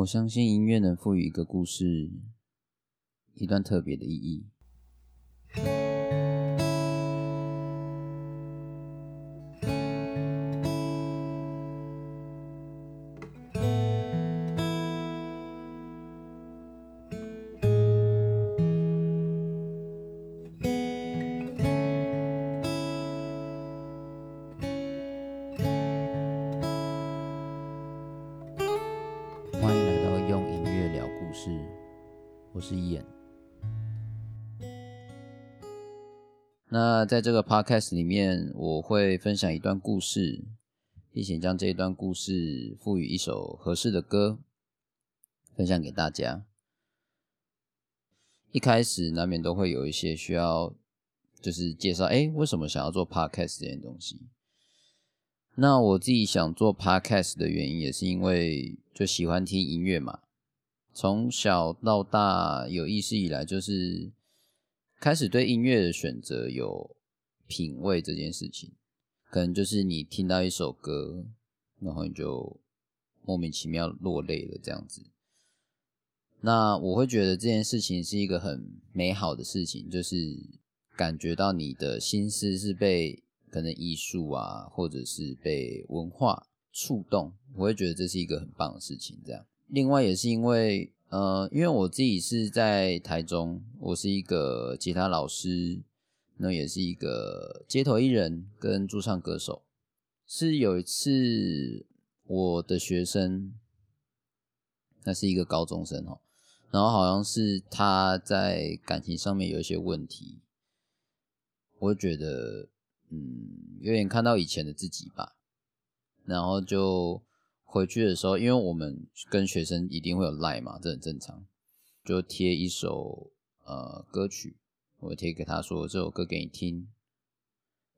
我相信音樂能賦予一個故事一段特別的意義。在這個 podcast 裡面，我會分享一段故事，並且將這一段故事賦予一首合適的歌，分享給大家。一開始難免都會有一些需要，就是介紹，哎、欸，為什麼想要做 podcast 這件東西？那我自己想做 podcast 的原因，也是因為就喜歡聽音樂嘛。從小到大，有意識以來，就是開始對音樂的選擇有。品味這件事情，可能就是你聽到一首歌，然後你就莫名其妙落淚了這樣子。那我會覺得這件事情是一個很美好的事情，就是感覺到你的心思是被可能藝術啊，或者是被文化觸動，我會覺得這是一個很棒的事情。這樣，另外也是因為，呃，因為我自己是在台中，我是一個吉他老師。那也是一個街頭藝人跟駐唱歌手。是有一次我的學生，那是一個高中生哦，然後好像是他在感情上面有一些問題，我覺得嗯有點看到以前的自己吧，然後就回去的時候，因為我們跟學生一定會有賴嘛，這很正常，就貼一首呃歌曲。我貼給他說：“這首歌給你聽，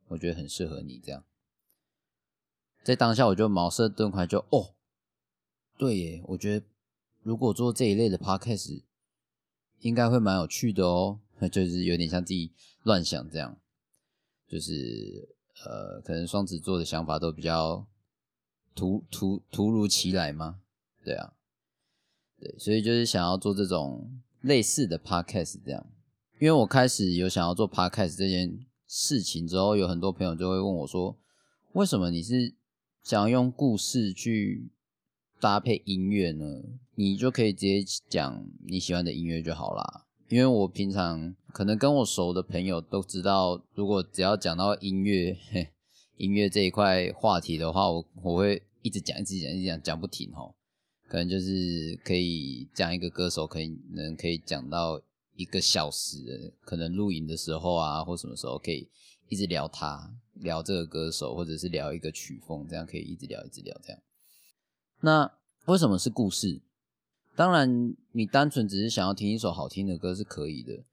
我覺得很適合你。”這樣，在當下我就茅塞頓開，就哦，對，耶，我覺得如果做這一類的 podcast，應該會蠻有趣的哦。就是有點像自己亂想這樣，就是呃，可能雙子座的想法都比較突突突如其來嗎？對啊，對，所以就是想要做這種類似的 podcast 這樣。因為我開始有想要做 Podcast 這件事情之後，有很多朋友就會問我說：“為什麼你是想要用故事去搭配音樂呢？你就可以直接講你喜歡的音樂就好啦。”因為我平常可能跟我熟的朋友都知道，如果只要講到音樂，嘿，音樂這一塊話題的話，我我會一直講，一直講，一直講，講不停哦、喔。可能就是可以講一個歌手，可以能可以講到。一個小時，可能錄影的時候啊，或什麼時候可以一直聊他，聊這個歌手，或者是聊一個曲風，這樣可以一直聊一直聊這樣。那為什麼是故事？當然，你單純只是想要聽一首好聽的歌是可以的。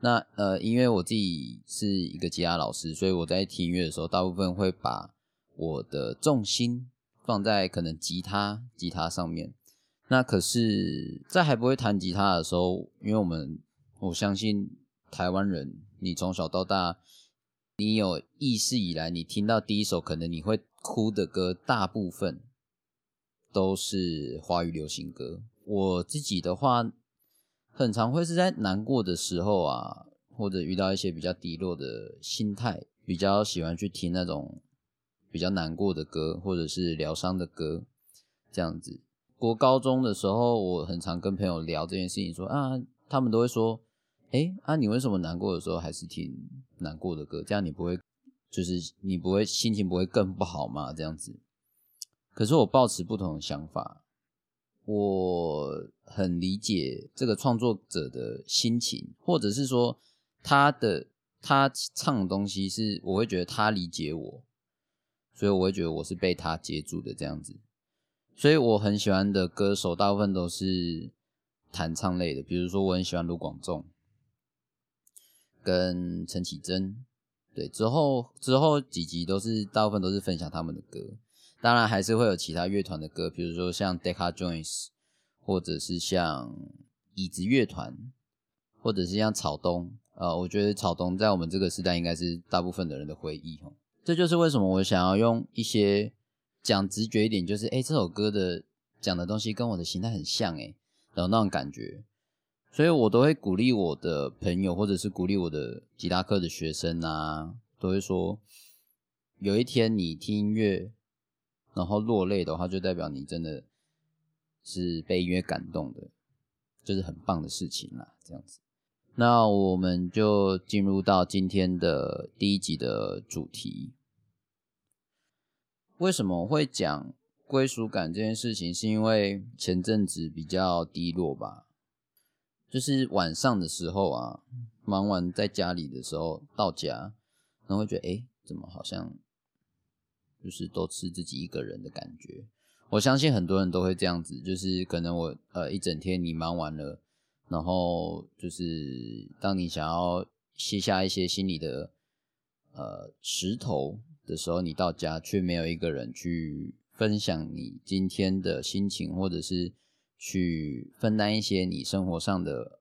那呃，因為我自己是一個吉他老師，所以我在聽音樂的時候，大部分會把我的重心放在可能吉他吉他上面。那可是，在還不會彈吉他的時候，因為我們我相信台灣人，你從小到大，你有意識以來，你聽到第一首可能你會哭的歌，大部分都是華語流行歌。我自己的話，很常會是在難過的時候啊，或者遇到一些比較低落的心態，比較喜歡去聽那種比較難過的歌，或者是療傷的歌這樣子。國高中的時候，我很常跟朋友聊這件事情說，說啊，他們都會說。哎、欸，啊，你為什麼難過的時候還是聽難過的歌？這樣你不會，就是你不會心情不會更不好嗎？這樣子，可是我抱持不同的想法，我很理解這個創作者的心情，或者是說他的他唱的東西是，我會覺得他理解我，所以我會覺得我是被他接住的這樣子，所以我很喜歡的歌手大部分都是彈唱類的，比如說我很喜歡盧廣仲。跟陳綺貞，對，之後之後幾集都是大部分都是分享他們的歌，當然還是會有其他樂團的歌，比如說像 Deca Joins，或者是像椅子樂團，或者是像草東，呃，我覺得草東在我們這個時代應該是大部分的人的回憶，這就是為什麼我想要用一些講直覺一點，就是誒、欸、這首歌的講的東西跟我的形態很像，欸，然後有那種感覺。所以，我都會鼓勵我的朋友，或者是鼓勵我的吉他課的學生啊，都會說：有一天你聽音樂然後落淚的話，就代表你真的是被音樂感動的，就是很棒的事情啦，這樣子。那我們就進入到今天的第一集的主題。為什麼我會講歸屬感這件事情？是因為前陣子比較低落吧。就是晚上的時候啊，忙完在家裡的時候，到家，然後會覺得，誒、欸，怎麼好像就是都是自己一個人的感覺？我相信很多人都會這樣子，就是可能我呃一整天你忙完了，然後就是當你想要卸下一些心裡的呃石頭的時候，你到家卻沒有一個人去分享你今天的心情，或者是。去分擔一些你生活上的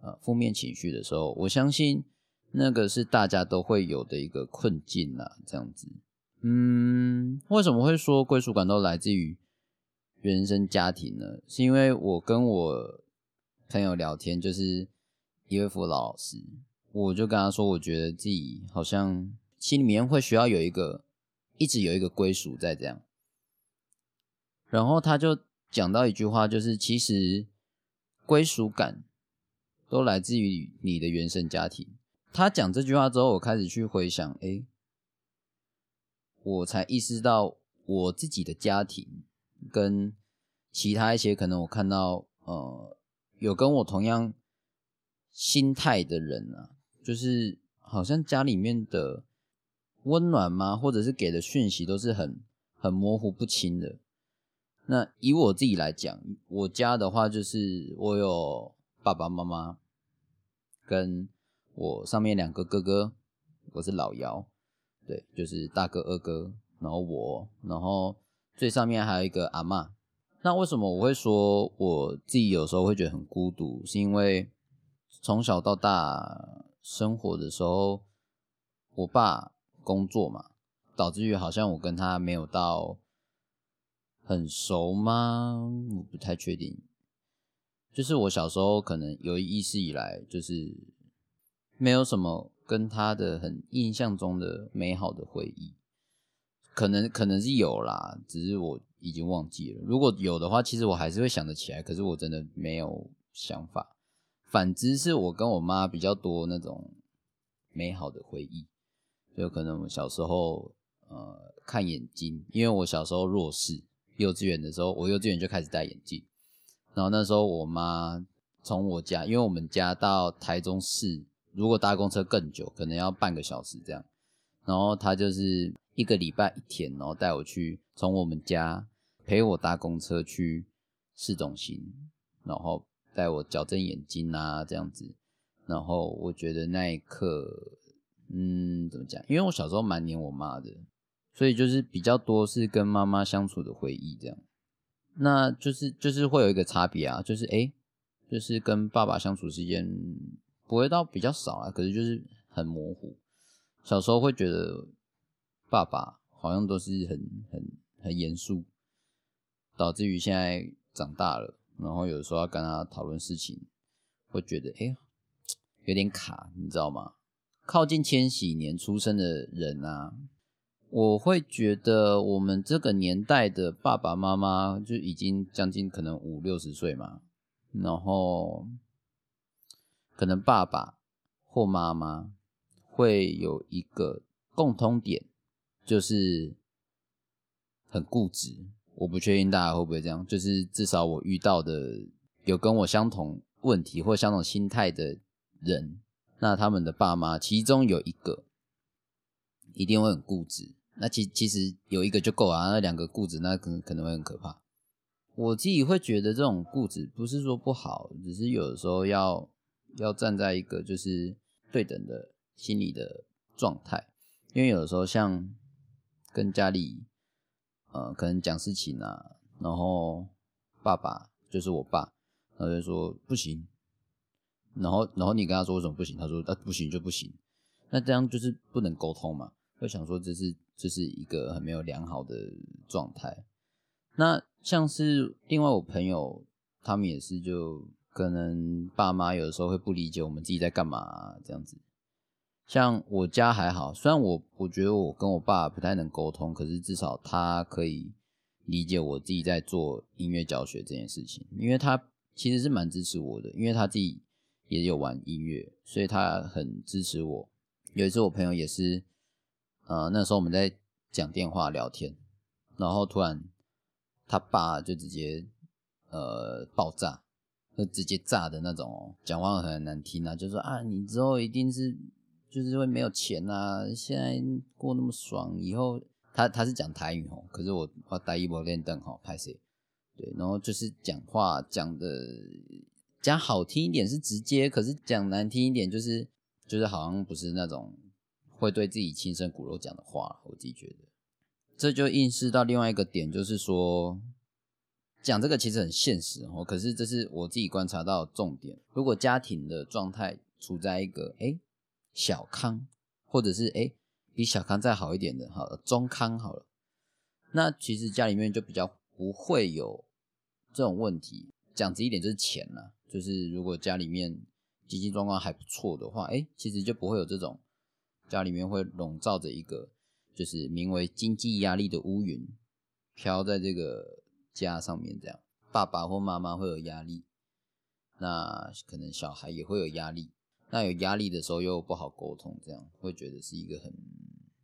呃負面情緒的時候，我相信那個是大家都會有的一個困境啦、啊，這樣子。嗯，為什麼會說歸屬感都來自於原生家庭呢？是因為我跟我朋友聊天，就是一位輔導老師，我就跟他說，我覺得自己好像心裡面會需要有一個一直有一個歸屬在這樣，然後他就。講到一句話，就是其實歸屬感都來自於你的原生家庭。他講這句話之後，我開始去回想，誒、欸。我才意識到我自己的家庭跟其他一些可能我看到呃有跟我同樣心態的人啊，就是好像家裡面的溫暖嗎，或者是給的訊息都是很很模糊不清的。那以我自己來講，我家的話就是我有爸爸媽媽，跟我上面兩個哥哥，我是老幺，對，就是大哥、二哥，然後我，然後最上面還有一個阿嬤。那為什麼我會說我自己有時候會覺得很孤獨？是因為從小到大生活的時候，我爸工作嘛，導致於好像我跟他沒有到。很熟嗎？我不太確定。就是我小時候可能有意識以來，就是沒有什麼跟他的很印象中的美好的回憶。可能可能是有啦，只是我已經忘記了。如果有的話，其實我還是會想得起來。可是我真的沒有想法。反之是我跟我媽比較多那種美好的回憶，就可能我小時候呃看眼睛，因為我小時候弱視。幼稚園的時候，我幼稚園就開始戴眼鏡，然後那時候我媽從我家，因為我們家到台中市，如果搭公車更久，可能要半個小時這樣，然後她就是一個禮拜一天，然後帶我去從我們家陪我搭公車去市中心，然後帶我矯正眼睛啊這樣子，然後我覺得那一刻，嗯，怎麼講？因為我小時候蠻黏我媽的。所以就是比較多是跟媽媽相處的回憶，這樣，那就是就是會有一個差別啊，就是哎、欸，就是跟爸爸相處時間不會到比較少啊，可是就是很模糊。小時候會覺得爸爸好像都是很很很嚴肅，導致於現在長大了，然後有時候要跟他討論事情，會覺得哎、欸，有點卡，你知道嗎？靠近千禧年出生的人啊。我會覺得我們這個年代的爸爸媽媽就已經將近可能五六十歲嘛，然後可能爸爸或媽媽會有一個共通點，就是很固執。我不確定大家會不會這樣，就是至少我遇到的有跟我相同問題或相同心態的人，那他們的爸媽其中有一個一定會很固執。那其其實有一個就夠了啊，那兩個固執那可可能會很可怕。我自己會覺得這種固執不是說不好，只是有的時候要要站在一個就是對等的心理的狀態，因為有的時候像跟家裡，呃，可能講事情啊，然後爸爸就是我爸，然後就說不行，然後然後你跟他說為什麼不行，他說那不行就不行，那這樣就是不能溝通嘛。會想說，這是這是一個很沒有良好的狀態。那像是另外我朋友他們也是，就可能爸媽有的時候會不理解我們自己在幹嘛、啊、這樣子。像我家還好，雖然我我覺得我跟我爸不太能溝通，可是至少他可以理解我自己在做音樂教學這件事情，因為他其實是蠻支持我的，因為他自己也有玩音樂，所以他很支持我。有一次我朋友也是。呃，那時候我們在講電話聊天，然後突然他爸就直接呃爆炸，就直接炸的那種哦，講話很難聽啊，就說啊，你之後一定是就是會沒有錢啊，現在過那麼爽，以後他他是講台語哦，可是我我帶一波練燈哈拍攝，對，然後就是講話講的講好聽一點是直接，可是講難聽一點就是就是好像不是那種。會對自己親生骨肉講的話，我自己覺得，這就映射到另外一個點，就是說，講這個其實很現實哦。可是這是我自己觀察到的重點。如果家庭的狀態處在一個哎小康，或者是哎比小康再好一點的哈中康好了，那其實家裡面就比較不會有這種問題。講直一點就是錢啦，就是如果家裡面經濟狀況還不錯的話，哎，其實就不會有這種。家裡面會籠罩着一個，就是名為經濟壓力的烏雲，飄在這個家上面。這樣，爸爸或媽媽會有壓力，那可能小孩也會有壓力。那有壓力的時候又不好溝通，這樣會覺得是一個很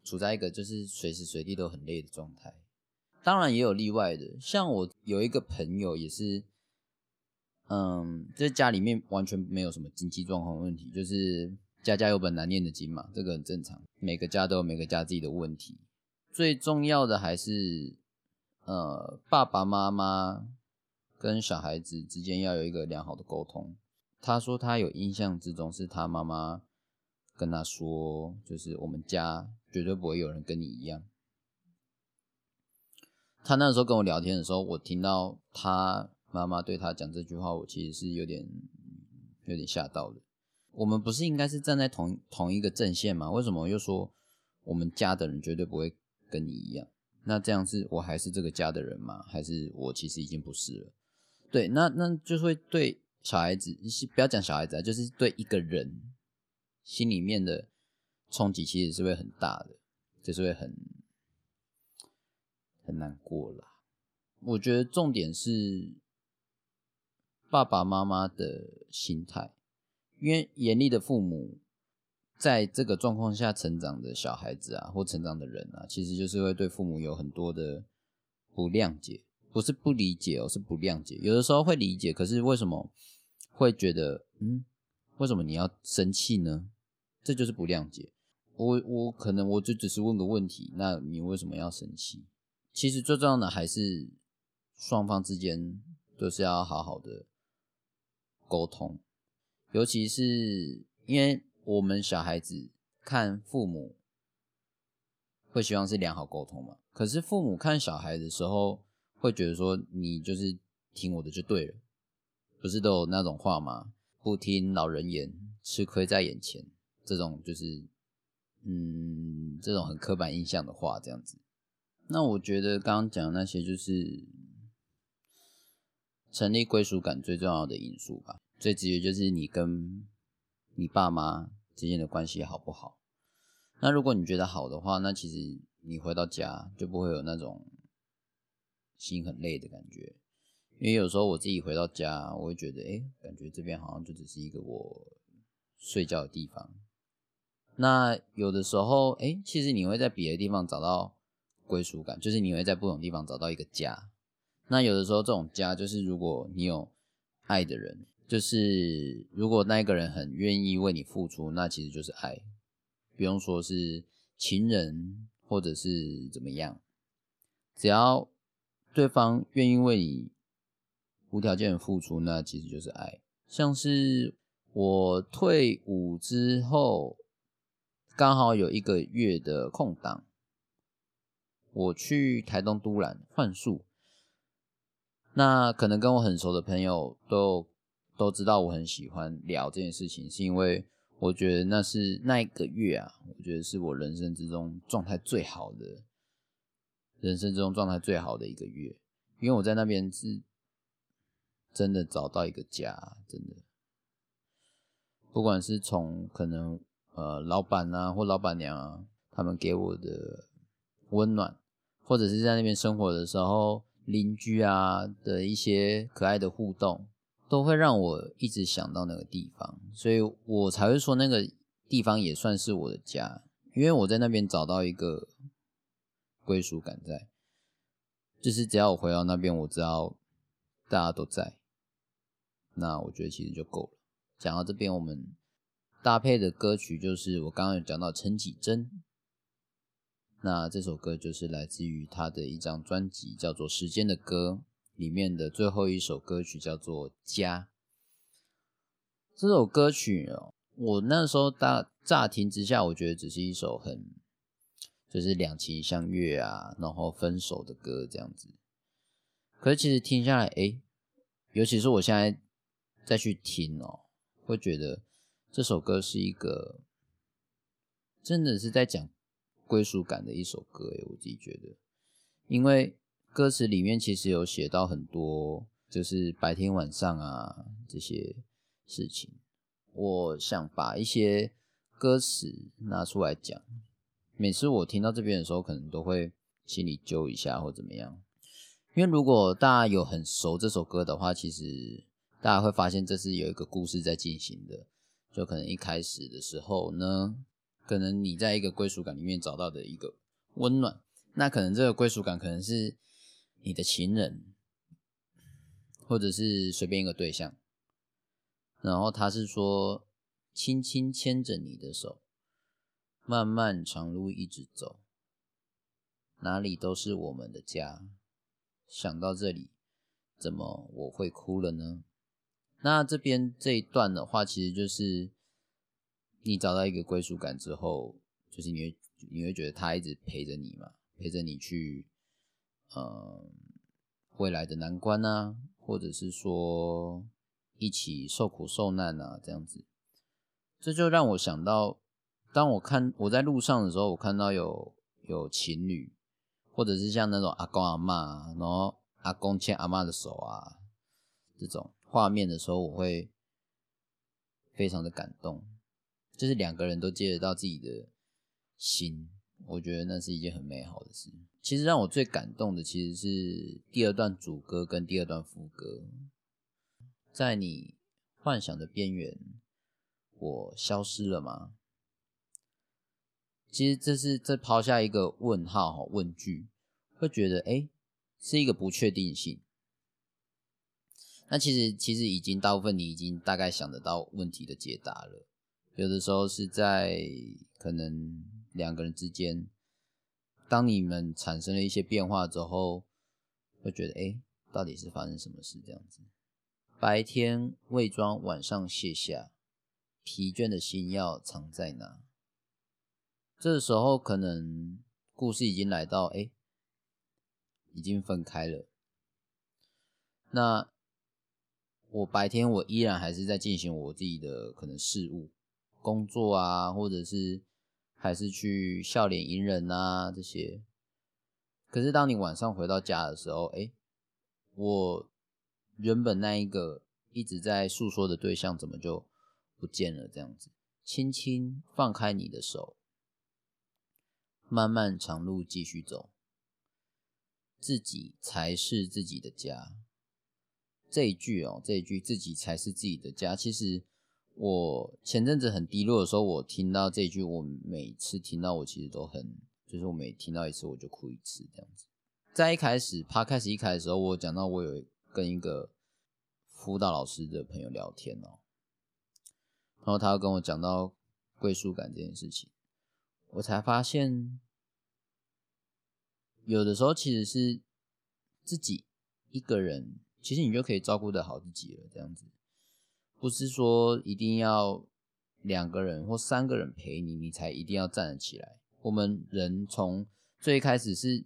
處在一個就是隨時隨地都很累的狀態。當然也有例外的，像我有一個朋友也是，嗯，在家裡面完全沒有什麼經濟狀況問題，就是。家家有本難念的經嘛，這個很正常。每個家都有每個家自己的問題。最重要的還是，呃，爸爸媽媽跟小孩子之間要有一個良好的溝通。他說他有印象之中是他媽媽跟他說，就是我們家絕對不會有人跟你一樣。他那時候跟我聊天的時候，我聽到他媽媽對他講這句話，我其實是有點有點嚇到的。我們不是應該是站在同同一個陣線嗎？為什麼又說我們家的人絕對不會跟你一樣？那這樣是我還是這個家的人嗎？還是我其實已經不是了？對，那那就會對小孩子，是不要講小孩子啊，就是對一個人心裡面的衝擊其實是會很大的，就是會很很難過啦。我覺得重點是爸爸媽媽的心態。因為嚴厲的父母，在這個狀況下成長的小孩子啊，或成長的人啊，其實就是會對父母有很多的不諒解，不是不理解哦，是不諒解。有的時候會理解，可是為什麼會覺得嗯，為什麼你要生氣呢？這就是不諒解。我我可能我就只是問個問題，那你為什麼要生氣？其實最重要的還是雙方之間都是要好好的溝通。尤其是因為我們小孩子看父母，會希望是良好溝通嘛。可是父母看小孩的時候，會覺得說你就是聽我的就對了，不是都有那種話嗎？不聽老人言，吃虧在眼前。這種就是，嗯，這種很刻板印象的話，這樣子。那我覺得剛剛講的那些就是成立歸屬感最重要的因素吧。最直接就是你跟你爸媽之間的關係好不好？那如果你覺得好的話，那其實你回到家就不會有那種心很累的感覺。因為有時候我自己回到家，我會覺得，誒，感覺這邊好像就只是一個我睡覺的地方。那有的時候，誒，其實你會在別的地方找到歸屬感，就是你會在不同地方找到一個家。那有的時候，這種家就是如果你有愛的人。就是，如果那個人很願意為你付出，那其實就是愛，不用說是情人或者是怎麼樣，只要對方願意為你無條件的付出，那其實就是愛。像是我退伍之後，剛好有一個月的空檔，我去台東都蘭換宿。那可能跟我很熟的朋友都都知道我很喜歡聊這件事情，是因為我覺得那是那一個月啊，我覺得是我人生之中狀態最好的，人生之中狀態最好的一個月。因為我在那邊是真的找到一個家，真的，不管是從可能呃老闆啊或老闆娘啊他們給我的溫暖，或者是在那邊生活的時候鄰居啊的一些可愛的互動。都會讓我一直想到那個地方，所以我才會說那個地方也算是我的家，因為我在那邊找到一個歸屬感在，在就是只要我回到那邊，我知道大家都在，那我覺得其實就夠了。講到這邊，我們搭配的歌曲就是我剛剛有講到陳綺貞，那這首歌就是來自於她的一張專輯，叫做《時間的歌》。裡面的最後一首歌曲叫做《家》。這首歌曲哦，我那時候大乍聽之下，我覺得只是一首很就是兩情相悅啊，然後分手的歌這樣子。可是其實聽下來，誒，尤其是我現在再去聽哦，會覺得這首歌是一個真的是在講歸屬感的一首歌誒，我自己覺得，因為。歌詞裡面其實有寫到很多，就是白天晚上啊這些事情。我想把一些歌詞拿出來講，每次我聽到這邊的時候，可能都會心裡揪一下或怎麼樣。因為如果大家有很熟這首歌的話，其實大家會發現這是有一個故事在進行的。就可能一開始的時候呢，可能你在一個歸屬感裡面找到的一個溫暖，那可能這個歸屬感可能是。你的情人，或者是隨便一個對象，然後他是說：“輕輕牽着你的手，漫漫長路一直走，哪裡都是我們的家。”想到這裡，怎麼我會哭了呢？那這邊這一段的話，其實就是你找到一個歸屬感之後，就是你你會覺得他一直陪着你嘛，陪着你去。嗯，未來的難關啊，或者是說一起受苦受難啊，這樣子，這就讓我想到，當我看我在路上的時候，我看到有有情侶，或者是像那種阿公阿嬤，然後阿公牽阿嬤的手啊，這種畫面的時候，我會非常的感動，就是兩個人都接得到自己的心。我覺得那是一件很美好的事。其實讓我最感動的，其實是第二段主歌跟第二段副歌，在你幻想的邊緣，我消失了嗎？其實這是這拋下一個問號，問句，會覺得哎、欸，是一個不確定性。那，其實其實已經大部分你已經大概想得到問題的解答了。有的時候是在可能。兩個人之間，當你們產生了一些變化之後，會覺得誒、欸，到底是發生什麼事？這樣子，白天偽裝，晚上卸下，疲倦的心要藏在哪？這個時候可能故事已經來到，誒、欸。已經分開了。那我白天我依然還是在進行我自己的可能事務、工作啊，或者是。還是去笑臉迎人啊，這些。可是當你晚上回到家的時候，哎，我原本那一個一直在訴說的對象，怎麼就不見了？這樣子，輕輕放開你的手，漫漫長路繼續走，自己才是自己的家。這一句哦，這一句“自己才是自己的家”，其實。我前陣子很低落的時候，我聽到這一句，我每次聽到，我其實都很，就是我每聽到一次，我就哭一次這樣子。在一開始，他開始一開始的時候，我講到我有跟一個輔導老師的朋友聊天哦、喔，然後他跟我講到歸屬感這件事情，我才發現，有的時候其實是自己一個人，其實你就可以照顧得好自己了，這樣子。不是說一定要兩個人或三個人陪你，你才一定要站得起來。我們人從最開始是，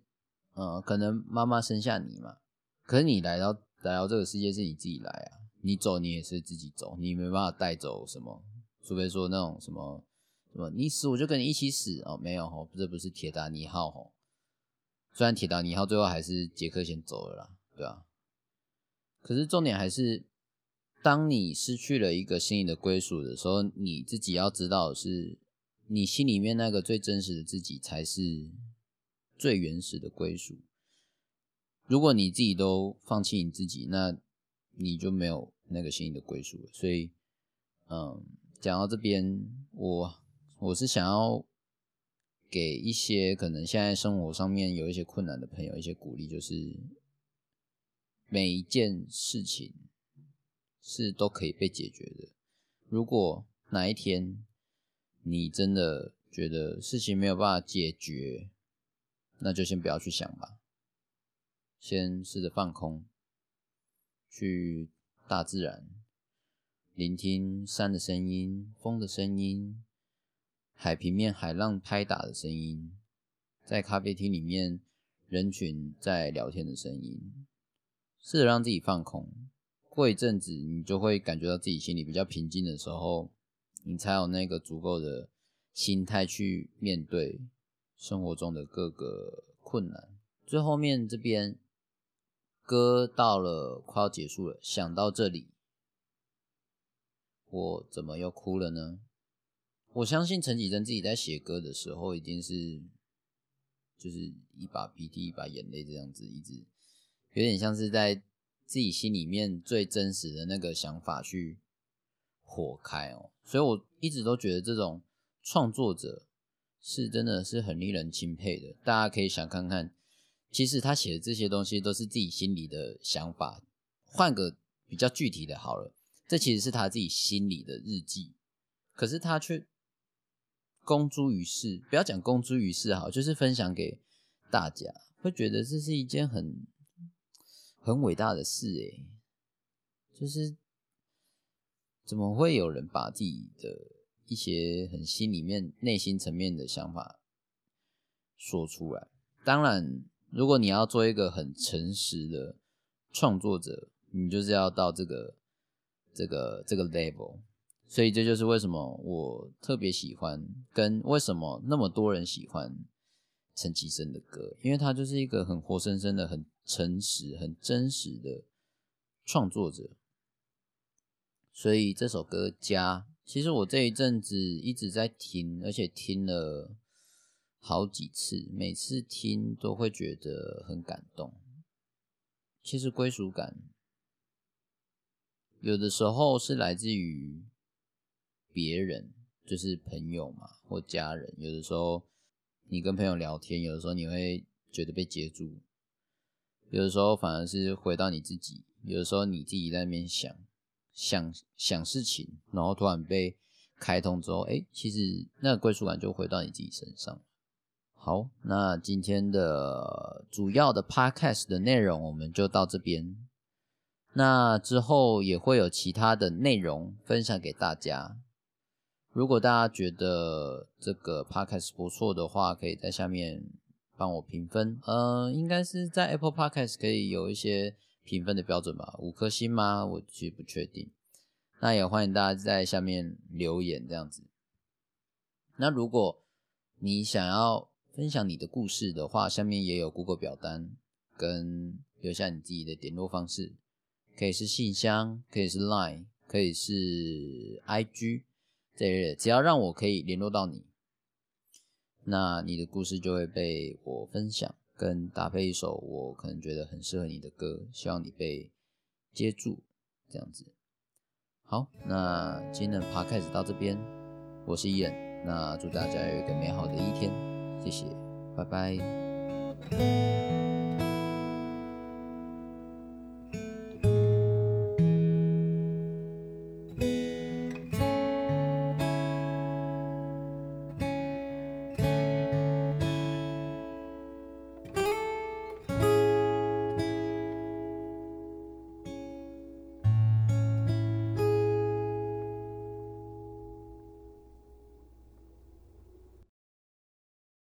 嗯，可能媽媽生下你嘛，可是你來到來到這個世界是你自己來啊，你走你也是自己走，你沒辦法帶走什麼，除非說那種什麼什麼你死我就跟你一起死哦，沒有吼、哦，這不是鐵達尼號吼、哦，雖然鐵達尼號最後還是傑克先走了啦，對啊，可是重點還是。當你失去了一個心靈的歸屬的時候，你自己要知道的是，你心裡面那個最真實的自己才是最原始的歸屬。如果你自己都放棄你自己，那你就沒有那個心靈的歸屬了。所以，嗯，講到這邊，我我是想要給一些可能現在生活上面有一些困難的朋友一些鼓勵，就是每一件事情。是都可以被解決的。如果哪一天你真的覺得事情沒有辦法解決，那就先不要去想吧。先試着放空，去大自然，聆聽山的聲音、風的聲音、海平面海浪拍打的聲音，在咖啡廳裡面人群在聊天的聲音，試着讓自己放空。過一陣子，你就會感覺到自己心裡比較平靜的時候，你才有那個足夠的心態去面對生活中的各個困難。最後面這邊歌到了快要結束了，想到這裡，我怎麼又哭了呢？我相信陳綺貞自己在寫歌的時候，已經是就是一把鼻涕一把眼淚這樣子，一直有點像是在。自己心裡面最真實的那個想法去火開哦、喔，所以我一直都覺得這種創作者是真的是很令人欽佩的。大家可以想看看，其實他寫的這些東西都是自己心裡的想法。換個比較具體的好了，這其實是他自己心裡的日記，可是他卻公諸於世。不要講公諸於世好，就是分享給大家，會覺得這是一件很。很偉大的事誒，就是怎麼會有人把自己的一些很心裡面、內心層面的想法說出來？當然，如果你要做一個很誠實的創作者，你就是要到這個、這個、這個 level。所以這就是為什麼我特別喜歡跟為什麼那麼多人喜歡陳綺貞的歌，因為她就是一個很活生生的、很。誠實、很真實的創作者，所以這首歌《家》，其實我這一陣子一直在聽，而且聽了好幾次，每次聽都會覺得很感動。其實歸屬感有的時候是來自於別人，就是朋友嘛或家人。有的時候你跟朋友聊天，有的時候你會覺得被接住。有的時候反而是回到你自己，有的時候你自己在那邊想想想事情，然後突然被開通之後，誒、欸，其實那個歸屬感就回到你自己身上。好，那今天的主要的 podcast 的內容我們就到這邊，那之後也會有其他的內容分享給大家。如果大家覺得這個 podcast 不錯的話，可以在下面。幫我評分，呃，應該是在 Apple Podcast 可以有一些評分的標準吧，五顆星嗎？我其實不確定。那也歡迎大家在下面留言這樣子。那如果你想要分享你的故事的話，下面也有 Google 表單，跟留下你自己的聯絡方式，可以是信箱，可以是 Line，可以是 IG，這一類的，只要讓我可以聯絡到你。那你的故事就會被我分享，跟搭配一首我可能覺得很適合你的歌，希望你被接住，這樣子。好，那今天的爬開始到這邊，我是伊人，那祝大家有一個美好的一天，謝謝，拜拜。